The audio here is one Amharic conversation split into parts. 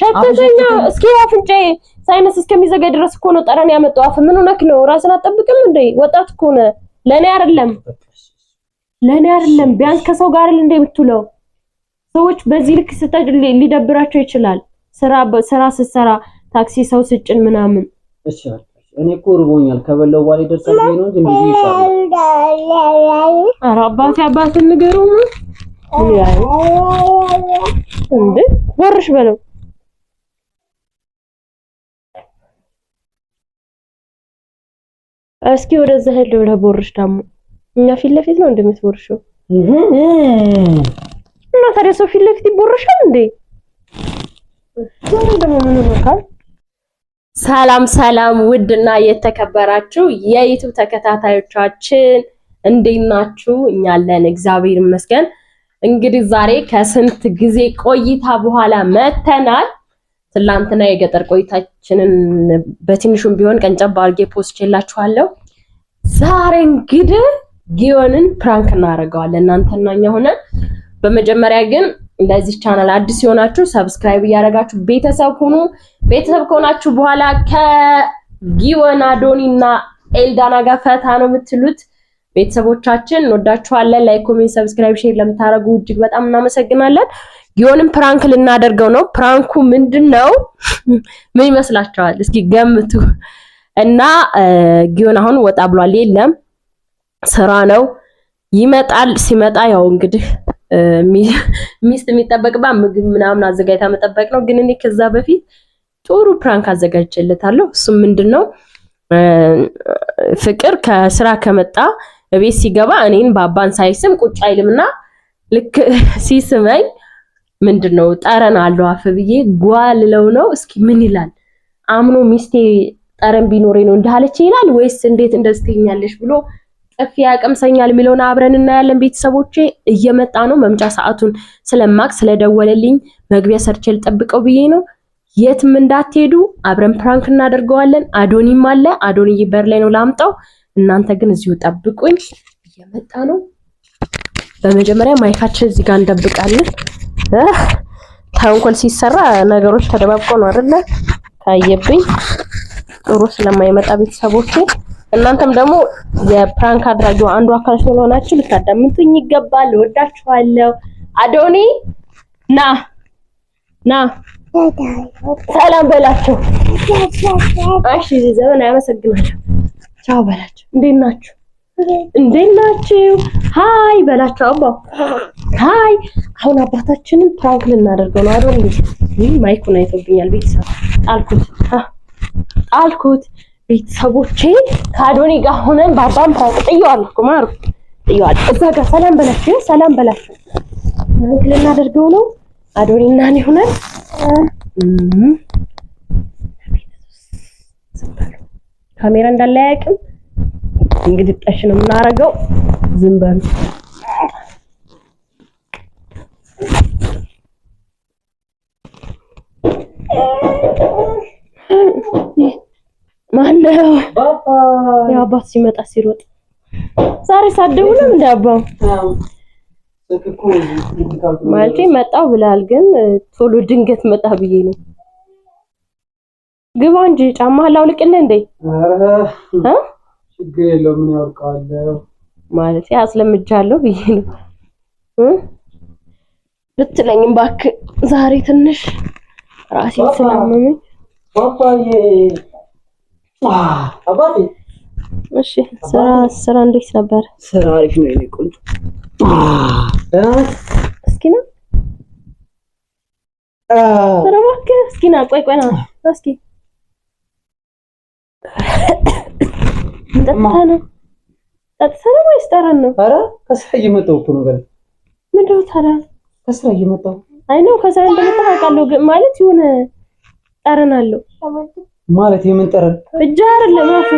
ሸተተኛ እስኪ አፍንጫዬ ሳይነስ እስከሚዘጋ ድረስ እኮ ነው ጠረን ያመጣው። አፍ ምን ሆነክ ነው? ራስን አጠብቅም እንዴ? ወጣት እኮ ነህ። ለእኔ አይደለም ለእኔ አይደለም ቢያንስ ከሰው ጋር አይደል እንደ የምትውለው። ሰዎች በዚህ ልክ ስታጅ ሊደብራቸው ይችላል። ስራ ስራ ስትሰራ ታክሲ ሰው ስጭን ምናምን እኔ እኮ ርቦኛል። ከበለው በኋላ ይደርሳል ነው እንጂ እንዴ ይሻላል። ኧረ አባቴ አባቴ ንገሩማ እንዴ ወርሽ በለው እስኪ ወደዛ ሄድ ብለህ ቦርሽ ደግሞ እኛ ፊት ለፊት ነው እንደምትቦርሽው እና ታዲያ ሰው ፊት ለፊት ይቦርሻል እንዴ? ደግሞ ምን ይመካል? ሰላም ሰላም፣ ውድና የተከበራችሁ የዩቱብ ተከታታዮቻችን እንዴት ናችሁ? እኛ አለን እግዚአብሔር ይመስገን። እንግዲህ ዛሬ ከስንት ጊዜ ቆይታ በኋላ መተናል። ትላንትና የገጠር ቆይታችንን በትንሹም ቢሆን ቀንጨብ አድርጌ ፖስት ችላችኋለሁ። ዛሬ እንግዲህ ጊዮንን ፕራንክ እናደርገዋለን እናንተና እኛ በመጀመሪያ ግን ለዚህ ቻናል አዲስ የሆናችሁ ሰብስክራይብ እያደረጋችሁ ቤተሰብ ሁኑ። ቤተሰብ ከሆናችሁ በኋላ ከጊዮን አዶኒ እና ኤልዳና ጋር ፈታ ነው የምትሉት። ቤተሰቦቻችን እንወዳችኋለን። ላይክ፣ ኮሜንት፣ ሰብስክራይብ፣ ሼር ለምታደርጉ እጅግ በጣም እናመሰግናለን። ጊዮንም ፕራንክ ልናደርገው ነው። ፕራንኩ ምንድን ነው? ምን ይመስላችኋል? እስኪ ገምቱ እና ጊዮን አሁን ወጣ ብሏል። የለም ስራ ነው ይመጣል። ሲመጣ ያው እንግዲህ ሚስት የሚጠበቅባት ምግብ ምናምን አዘጋጅታ መጠበቅ ነው። ግን እኔ ከዛ በፊት ጥሩ ፕራንክ አዘጋጅቼለታለሁ። እሱም ምንድን ነው ፍቅር ከስራ ከመጣ ቤት ሲገባ እኔን ባባን ሳይስም ቁጭ አይልምና ልክ ሲስመኝ ምንድን ነው ጠረን አለው አፍ ብዬ ጓልለው ነው። እስኪ ምን ይላል አምኖ ሚስቴ ጠረን ቢኖሬ ነው እንዳለች ይላል ወይስ እንዴት እንደስተኛለሽ ብሎ ጥፊ ያቀምሰኛል የሚለውን አብረን እናያለን። ቤተሰቦቼ እየመጣ ነው። መምጫ ሰዓቱን ስለማቅ ስለደወለልኝ መግቢያ ሰርቼ ልጠብቀው ብዬ ነው። የትም እንዳትሄዱ። አብረን ፕራንክ እናደርገዋለን። አዶኒም አለ። አዶኒ በር ላይ ነው ላምጣው። እናንተ ግን እዚሁ ጠብቁኝ። እየመጣ ነው። በመጀመሪያ ማይካችን እዚህ ጋር እንደብቃለን። ተንኮል ሲሰራ ነገሮች ተደባብቆ ነው አይደለ? ታየብኝ። ጥሩ ስለማይመጣ ቤተሰቦቼ፣ እናንተም ደግሞ የፕራንክ አድራጊው አንዱ አካል ስለሆናችሁ ልታዳምጡኝ ይገባል። እወዳችኋለሁ። አዶኒ ና ና ሰላም በላቸው። እሺ፣ ዘመን አያመሰግናቸው። ቻው በላቸው። እንዴት ናችሁ? እንዴት ናችሁ? ሀይ በላቸው። አባ ሀይ። አሁን አባታችንን ፕራንክ ልናደርገው ነው አይደል? ይህ ማይኩን አይቶብኛል። ቤተሰብ ጣልኩት፣ ጣልኩት። ቤተሰቦቼ ከአዶኒ ጋር ሆነን በአባም ፕራንክ ጥየዋል እኮ ማሩ፣ ጥየዋል። እዛ ጋር ሰላም በላቸው፣ ሰላም በላቸው። ልናደርገው ነው አዶኒና ይሆናል። ካሜራ እንዳለ አያውቅም። እንግዲህ ጠሽ ነው የምናደርገው። ዝም በሉ ማነው? ያው አባት ሲመጣ ሲሮጥ ዛሬ ሳደቡ እንደ አባው ማለቴ መጣው ብላል፣ ግን ቶሎ ድንገት መጣ ብዬ ነው። ግባ እንጂ ጫማ ላውልቅልህ እንዴ? እ ችግር የለው ምን ያውቃለሁ። ማለቴ አስለምጃለሁ ብዬ ነው እ ብትለኝም እባክህ ዛሬ ትንሽ ራሴን ስላመመኝ አባዬ አባቴ። እሺ ስራ ስራ እንዴት ነበር? ስራ አሪፍ ነው የኔ ቆንጆ እስኪ ና ኧረ እባክህ እስኪ ና ቆይ ቆይ ና እስኪ ጠጥተህ ነው ጠጥተህ ነው ወይስ ጠረን ነው? ኧረ ከስራ እየመጣሁ እኮ ነው። በል ምንድን ታዲያ? ከስራ እየመጣሁ አይ ነው ከስራ እንደመጣሁ አውቃለሁ፣ ግን ማለት የሆነ ጠረን አለው ማለት የምን ጠረን? እጅ አይደለም አፉ።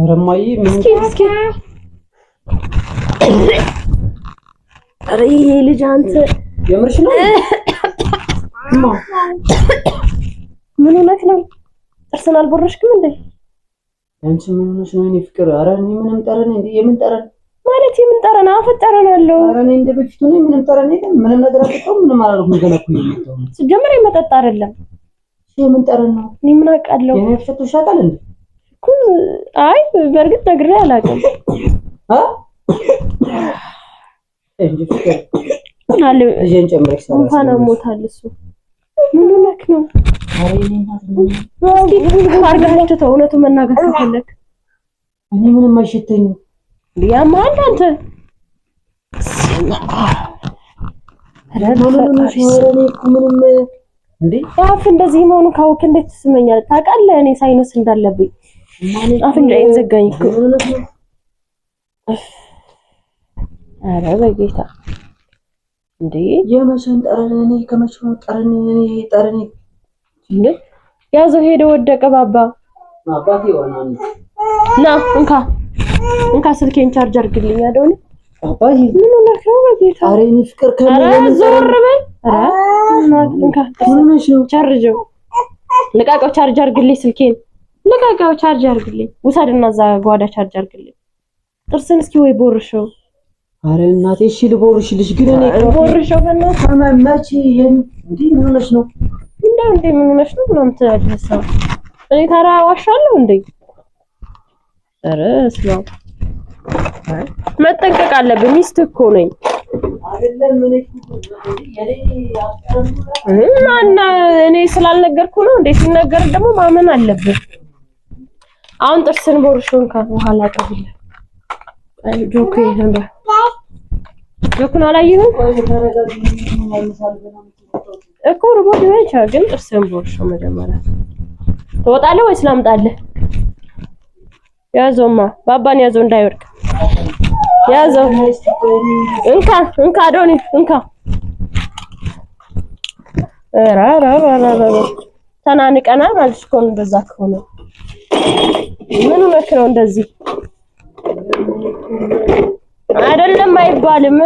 ኧረ እማዬ እስኪ እስኪ ኧረ ይሄ ልጅ አንተ የምርሽ ነው? ምን ሆነሽ ነው? ጥርስን አልቦረሽክም እንዴ? አንቺ ምን ሆነሽ ነው? እኔ ፍቅር፣ ኧረ እኔ ምንም ጠረን እንዴ? የምን ጠረን ማለት የምን ጠረን? አፈር አለው። ኧረ እኔ እንደ በፊቱ ነኝ። ምንም ጠረን የለም። ምንም ነገር አልጠጣሁም። ምንም አላልኩም። ገና እኮ ነው ሲጀመር አይደለም። የምን ጠረን ነው? እኔ ምን አውቃለሁ? የኔ ፍቅር ሻቃል እንዴ? አይ በእርግጥ ነግሬ አላውቅም። እንኳን አሞታል እሱ ምን ሆነክ ነው? አድርጋቸው ተው። እውነቱን መናገር ከፈለክ እኔ ምንም አይሸተኝም። ያማል አንተ አፍ እንደዚህ መሆኑ ካወክ እንዴት ትስመኛል? ታውቃለህ እኔ ሳይነስ እንዳለብኝ አፍ እንዳይዘጋኝ ኧረ በጌታ እንዴ! የመቼን ጠረን ከመቼ ነው ጠረን እኔ ጠረን እንዴ! ያዘው ሄደ ወደቀ። ባባ አባቴ ይሆናል። ና እንካ እንካ ስልኬን ቻርጅ አድርግልኝ አደውኔ አባቴ ምን ሆነህ ነው? በጌታ ኧረ እኔ ፍቅር ከምን ዞር በል ኧረ እንካ ቻርጅው ልቃቀው፣ ቻርጅ አድርግልኝ ስልኬን ልቃቀው፣ ቻርጅ አድርግልኝ ውሰድና እዛ ጓዳ ቻርጅ አድርግልኝ። ጥርስን እስኪ ወይ ቦርሽው አረ እናቴ እሺ ልቦርሽልሽ፣ ግን እኔ ልቦርሽው መቼ እንዴ? ምን ሆነሽ ነው እንዴ? እንዴ ምን ሆነሽ ነው ምናምን ትላለህ። ሰው እኔ ታራ ዋሻለሁ እንዴ? አረ እስላም መጠንቀቅ አለብህ። ሚስት እኮ ነኝ። እና እኔ ስላልነገርኩ ነው እንዴ? ሲነገር ደግሞ ማመን አለብህ። አሁን ጥርስን ቦርሽውን ከበኋላ ጠብለ ጆክ ጆኩን እኮ ሊሆን ይችላል። ግን ጥርስህን መጀመሪያ ትወጣለህ ወይስ ላምጣልህ? ያዞማ ባባን እንዳይወድቅ እንካ እንካ ዶኒ እንካ። ተናንቀና ማለት እኮ ነው። በዛ ከሆነ ምን ነክ ነው እንደዚህ አይደለም አይባልም።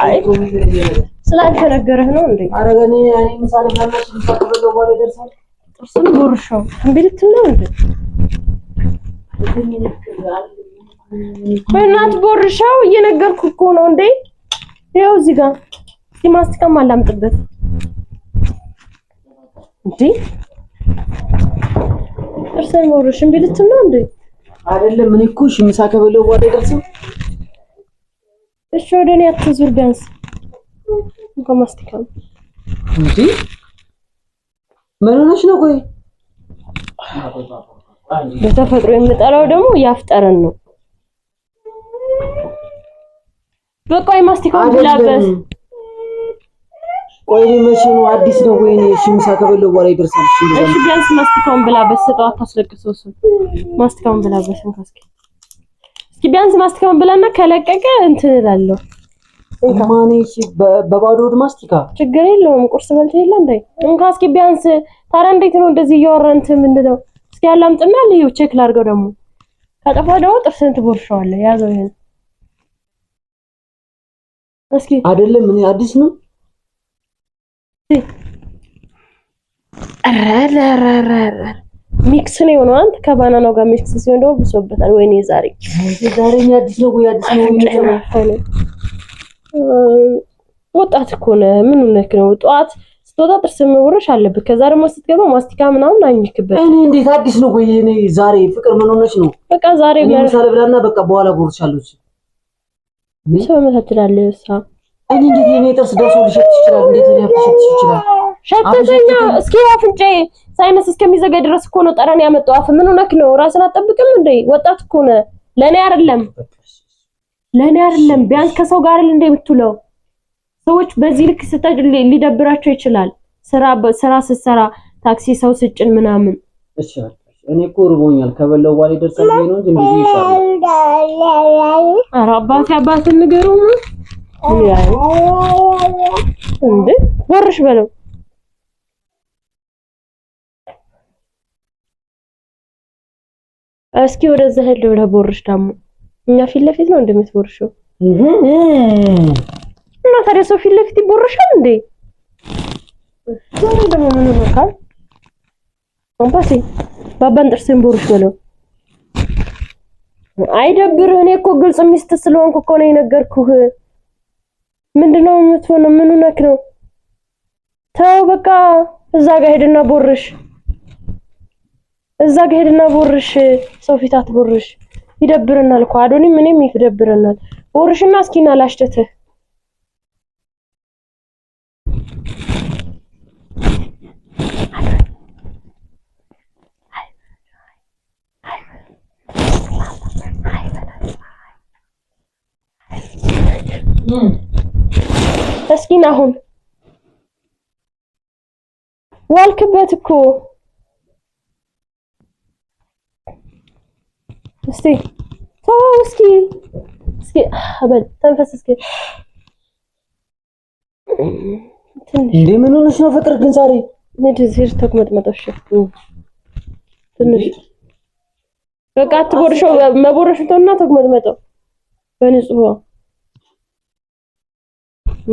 አይ ስላልተነገረህ ነው እንዴ? አረገኔ አይ ምሳሌ ማለት ምሳሌ ወደ ይደርሳል። ጥርስም ጎርሾ እንብልት ነው እንዴ? በእናት ቦርሻው እየነገርኩ እኮ ነው እንዴ። ይኸው እዚህ ጋር ማስቲካም አላምጥበት እንዴ። ጥርስን ቦርሽ እንብልት ነው እንዴ? አይደለም እኔ እኮ እሺ፣ ምሳ ከበለው በኋላ አይደርስም። እሺ፣ ወደ እኔ አትዙር። ቢያንስ እንኳን ማስቲካ ነው እንዴ? ምን ሆነሽ ነው? ቆይ በተፈጥሮ የምጠላው ደግሞ ያፍጠረን ነው። በቃ ማስቲካውን ብላበት ቆይ መቼ ነው አዲስ ነው ወይ? እሺ ምሳ ከበለው በኋላ ይደርሳል። እሺ ቢያንስ ማስቲካውን ብላ በሰጠው አታስለቅሰው። እሱ ማስቲካውን ብላ በሰን ካስኪ እስኪ ቢያንስ ማስቲካውን ብላና ከለቀቀ እንትን እላለሁ። እንካማኔ እሺ በባዶ ወድ ማስቲካ ችግር የለውም። ቁርስ በልት የለ እንዴ? እንካ እስኪ ቢያንስ ታዲያ እንዴት ነው እንደዚህ እያወራ እንትን ምንድነው? እስኪ አላምጥና ልዩ ቼክ ላድርገው። ደግሞ ከጠፋ ደግሞ ጥርስን ትቦርሸዋለህ። ያዘው ይሄን እስኪ አይደለም እኔ አዲስ ነው ሚክስ ነው የሆነው። አንተ ከባናናው ጋር ሚክስ ሲሆን ደግሞ ብሶበታል። ወይኔ ዛሬ ነው አዲስ ነው? ወጣት እኮ ነህ። ምን ነክ ነው? ጠዋት ስትወጣ ጥርስ መቦረሽ አለብህ። ከዛ ደግሞ ስትገባ ማስቲካ ምናምን አኝክበት። እኔ እንዴት አዲስ ነው ወይ? እኔ ዛሬ ፍቅር ምን ሆነች ነው? በቃ ዛሬ ምሳሌ ብላና በቃ በኋላ ቦርሻለች ሰው ሳ እኔ እንዴት የኔ ጥርስ ደርሶ ሊሸት ይችላል? እንዴት እኔ ሊሸት ይችላል? ሸተተኛ እስኪ አፍንጫ ሳይነስ እስከሚዘጋ ድረስ እኮ ነው ጠረን ያመጣው። አፍ ምን ሆነክ ነው? ራስን አጠብቅም እንዴ? ወጣት እኮ ነህ። ለኔ አይደለም ለኔ አይደለም፣ ቢያንስ ከሰው ጋር እንዴ የምትውለው ሰዎች በዚህ ልክ ስታጭ ሊደብራቸው ይችላል። ስራ ስራ ስትሰራ ታክሲ ሰው ስጭን ምናምን እሺ እኔ እኮ ርቦኛል። ከበለው በኋላ ይደርሳል ነው እንጂ እንዴ ይሻላል። ኧረ አባቴ አባቴ ንገሩማ እንደ ወርሽ በለው እስኪ ወደዛ ሄድ ብለህ ቦርሽ ደግሞ እኛ ፊት ለፊት ነው እንደምትቦርሽው እና ታዲያ ሰው ፊት ለፊት ይቦርሻል እንዴ? ዛሬ ደግሞ ምን ሆነካል? ኮምፓሲ ባባን ጥርስን ቦርሽ በለው። አይደብርህ። እኔ እኮ ግልጽ ሚስት ስለሆንኩ እኮ ነው የነገርኩህ። ምንድነው የምትሆነው? ምን ነክ ነው? ተው በቃ እዛ ጋር ሄድና ቦርሽ፣ እዛ ጋር ሄድና ቦርሽ። ሰው ፊት አትቦርሽ፣ ይደብረናል እኮ አዶኒም እኔም ይደብረናል። ቦርሽና እስኪና ላሽተትህ Mm. ነኝ አሁን ዋልክበት እኮ እስቲ ተው እስኪ እስኪ አበል ተንፈስ እስኪ እንዴ ምን ሆነሽ ነው ፍቅር ግን ዛሬ ንድዝር ተቅመጥመጦሽ ትንሽ በቃ አትቦርሾ መቦረሽቶና ተቅመጥመጦ በንጹህ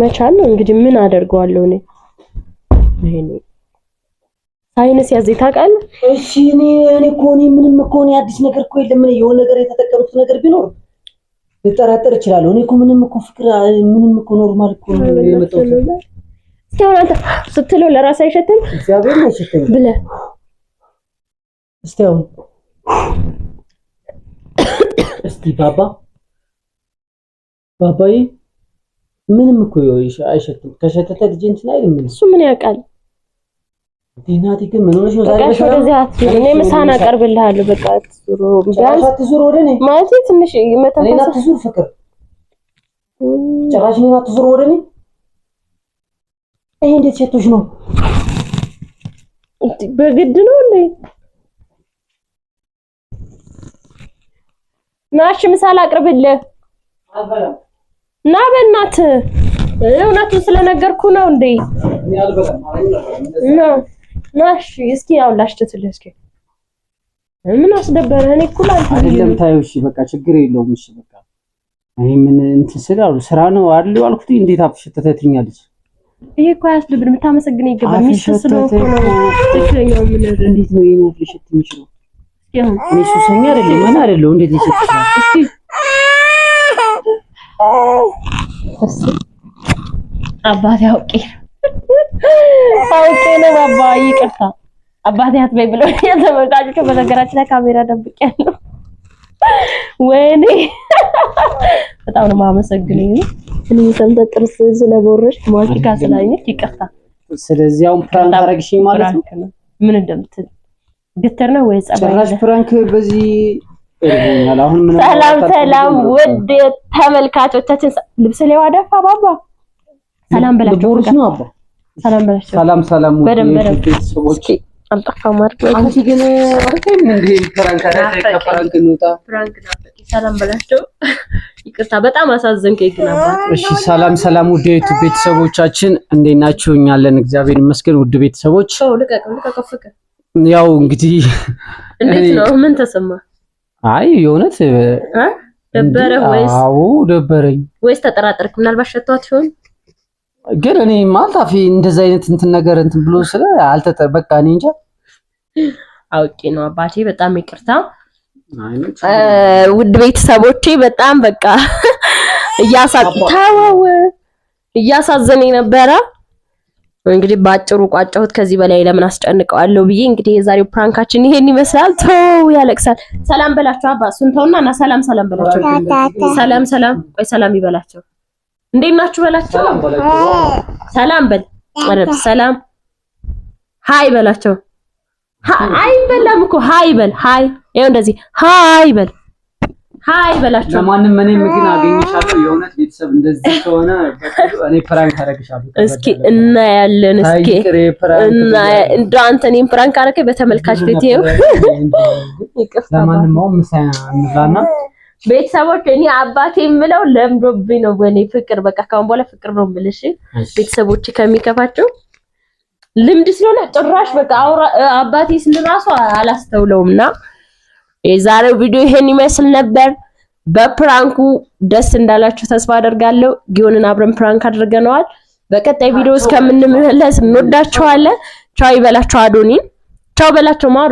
መቻል ነው እንግዲህ ምን አደርገዋለሁ እኔ ይሄኔ ሳይነስ ያዘኝ ታውቃለህ። እሺ እኔ እኔ እኮ እኔ ምንም እኮ እኔ አዲስ ነገር እኮ የለም። እኔ የሆነ ነገር የተጠቀምኩት ነገር ቢኖር ልጠራጠር እችላለሁ። እኔ እኮ ምንም እኮ ፍቅር ምንም እኮ ኖርማል እኮ ነው የመጣሁት። እስኪ አሁን አንተ ስትለው ለራስህ አይሸትም? እግዚአብሔር ነው አይሸትም ብለህ እስቲ አሁን እስቲ ባባ ባባዬ ምንም እኮ አይሸትም። ከሸተተ ልጅ እንትን አይልም። እሱ ምን ያውቃል? ዲናቲ ግን ምን ሆነሽ ነው? ዛሬ ወደዚህ አትዙር። እኔ ምሳህን አቀርብልሃለሁ። በቃ አትዙር፣ ቢያንስ አትዙር። ወደ እኔ ማለት ትንሽ መተንፈስ እኔን አትዙር። ፍቅር ጭራሽ እኔን አትዙር ወደ እኔ። ይሄ እንዴት ሸቶሽ ነው? በግድ ነው እንዴ? ናሽ ምሳህን አቅርብልህ። አልበላም ና በእናት እውነቱን ስለነገርኩ ነው እንዴ? ና እስኪ ያው ላሽተትልህ። እስኪ ምን አስደበረ? እኔ እኩል አይደለም ታዩ። እሺ በቃ ችግር የለውም። እሺ በቃ እኔ ምን እንትን ስል አሉ ስራ ነው አሉ አልኩት። እንዴት አፍሽተተትኛለች? ይሄ እኮ አያስደብርም። ታመሰግን ይገባል። ሚሽስሎ ነው ትክክለኛው። ምን ነገር እንዴት ነው ይሄን አፍሽት የሚችለው? ያው ሚሽሰኛ አይደለም ማን አይደለም። እንዴት ይችላል? እስኪ አባቴ አውቄ አውቄ ነው ባባ፣ ይቅርታ አባቴ አትበይ ብሎኛል። ተመልካቾች በነገራችን ላይ ካሜራ ደብቅ ያለው ወይኔ በጣም ነው የማመሰግነው። እኔ ሰምተ ጥርስ ስለቦረሽ ማኪካ ስላየች ይቅርታ። ስለዚህ አሁን ፕራንክ አረግሽ ማለት ነው። ምን እንደምትል ግትር ነው ወይ ጸባይ? ጭራሽ ፕራንክ በዚህ ሰላም ሰላም፣ ውድ ተመልካቾቻችን ልብስ ላይ ዋደፋ ባባ ሰላም በላችሁ። ሰላም በላችሁ። ሰላም ሰላም። ውድ ቤተሰቦቼ አልጠፋም አይደል? አንቺ ግን ሰላም ይቅርታ በጣም አሳዘንከኝ አባት። እሺ ሰላም ሰላም፣ ውድ የዩቱብ ቤተሰቦቻችን እንዴት ናችሁ? እኛ አለን እግዚአብሔር ይመስገን። ውድ ቤተሰቦች ያው እንግዲህ እንዴት ነው? ምን ተሰማ? አይ የእውነት ደበረ ወይስ? አዎ ደበረኝ። ወይስ ተጠራጠርክ? ምናልባት ሸቷት ሲሆን ግን እኔ ማልታፊ አፌ እንደዚህ አይነት እንትን ነገር እንትን ብሎ ስለ አልተጠ በቃ እኔ እንጃ አውቄ ነው አባቴ። በጣም ይቅርታ ውድ ቤተሰቦቼ፣ በጣም በቃ እያሳቅታው እያሳዘነኝ ነበረ። እንግዲህ በአጭሩ ቋጫሁት። ከዚህ በላይ ለምን አስጨንቀዋለሁ ብዬ እንግዲህ የዛሬው ፕራንካችን ይሄን ይመስላል። ተው ያለቅሳል። ሰላም በላቸው አባ ሱንተውና እና ሰላም ሰላም በላቸው። ሰላም ሰላም ቆይ ሰላም ይበላቸው። እንዴት ናችሁ በላቸው። ሰላም በል ማለት ሰላም ሃይ በላቸው። ሃይ እኮ ሃይ በል ሃይ ይኸው እንደዚህ ሃይ በል ሀይ በላቸው። ለማንም እኔ ግን አገኝሻለሁ። የእውነት ቤተሰብ እንደዚህ ከሆነ እኔ ፕራንክ አደረግሻለሁ። እስኪ እናያለን። እስኪ እንደ አንተ እኔም ፕራንክ አደረገኝ በተመልካች ቤት። ይኸው ለማንኛውም ምሳ እንብላና ቤተሰቦች እኔ አባቴ የምለው ለምዶብኝ ነው። ወኔ ፍቅር በቃ ካሁን በኋላ ፍቅር ነው የምልሽ። ቤተሰቦች ከሚከፋቸው ልምድ ስለሆነ ጭራሽ በቃ አባቴ ስል እራሱ አላስተውለውምና የዛሬው ቪዲዮ ይሄን ይመስል ነበር። በፕራንኩ ደስ እንዳላችሁ ተስፋ አደርጋለሁ። ጊዮንን አብረን ፕራንክ አድርገነዋል። በቀጣይ ቪዲዮ እስከምንመለስ እንወዳችኋለን። ቻው ይበላችሁ። አዶኒን ቻው በላቸው። ማሩ